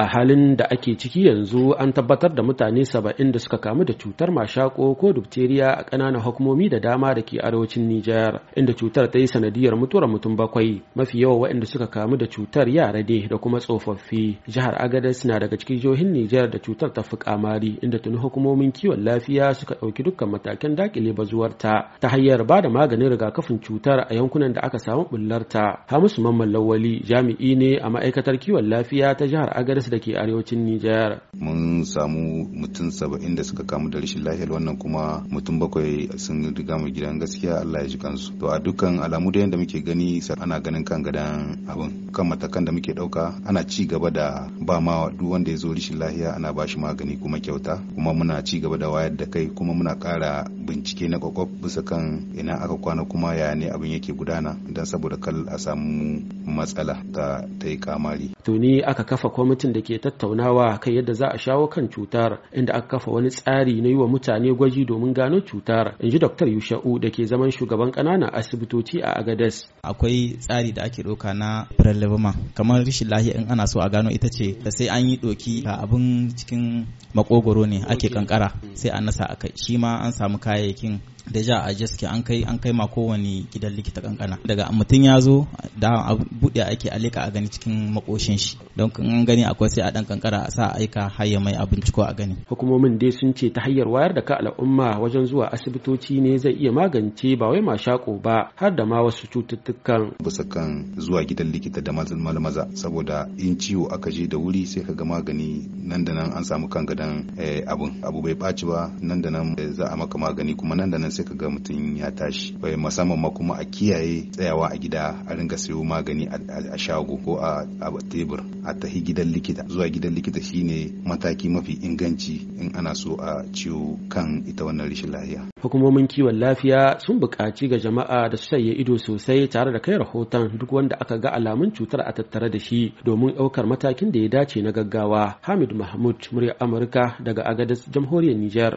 a halin da ake ciki yanzu an tabbatar da mutane saba'in da suka kamu da cutar mashako ko dubteriya a ƙananan hukumomi da dama da ke arewacin Nijar inda cutar ta yi sanadiyar mutuwar mutum bakwai mafi yawa waɗanda suka kamu da cutar yara ne da kuma tsofaffi jihar Agadez na daga cikin jihohin Nijar da cutar ta fi kamari inda tuni hukumomin kiwon lafiya suka ɗauki dukkan matakan dakile bazuwarta ta hanyar ba da maganin rigakafin cutar a yankunan da aka samu bullarta Hamisu Mamman Lawali jami'i ne a ma'aikatar kiwon lafiya ta jihar Agadez da ke arewacin Nijar mun samu mutum saba'in da suka kamu da rashin lafiyar wannan kuma mutum bakwai sun riga mu gidan gaskiya Allah ya ji kansu to a dukkan alamu da yadda muke gani ana ganin kan gadan abin kan matakan da muke dauka ana ci gaba da ba ma duk wanda ya zo rashin lafiya ana ba shi magani kuma kyauta kuma muna ci gaba da wayar da kai kuma muna ƙara bincike na kwakwaf bisa kan ina aka kwana kuma ya ne abin yake gudana don saboda kal a samu matsala ta ta yi kamari. Tuni aka kafa kwamitin da ke tattaunawa kan yadda za a shawo kan cutar inda aka kafa wani tsari na yi wa mutane gwaji domin gano cutar in ji dr yusha'u da ke zaman shugaban ƙananan asibitoci a agadas akwai tsari da ake ɗauka na prelevama kamar rashin lahiya in ana so a gano ita ce da sai an yi ɗoki ka abin cikin makogoro ne ake kankara sai an nasa a kai shi ma an samu kayayyakin deja a jeske an kai an kai ma kowane gidan likita kankana daga mutum ya zo da a buɗe ake alika a gani cikin makoshin shi don an gani akwai sai a dan kankara a sa aika hayya mai a binciko a gani hukumomin dai sun ce ta hanyar wayar da ka al'umma wajen zuwa asibitoci ne zai iya magance ba wai mashako ba har da ma wasu cututtukan bisa kan zuwa gidan likita da maza saboda in ciwo aka je da wuri sai ka ga magani nan da nan an samu kan gadan eh, abun abu bai ɓaci ba nan da nan eh, za a maka magani kuma nan da nan nan sai kaga mutum ya tashi bai musamman ma kuma a kiyaye tsayawa a gida a ringa siyo magani a shago ko a tebur a tahi gidan likita zuwa gidan likita shine mataki mafi inganci in ana so a ciwo kan ita wannan rashin lafiya hukumomin kiwon lafiya sun buƙaci ga jama'a da su sanya ido sosai tare da kai rahoton duk wanda aka ga alamun cutar a tattare da shi domin ɗaukar matakin da ya dace na gaggawa hamid mahmud murya amurka daga agadas jamhuriyar niger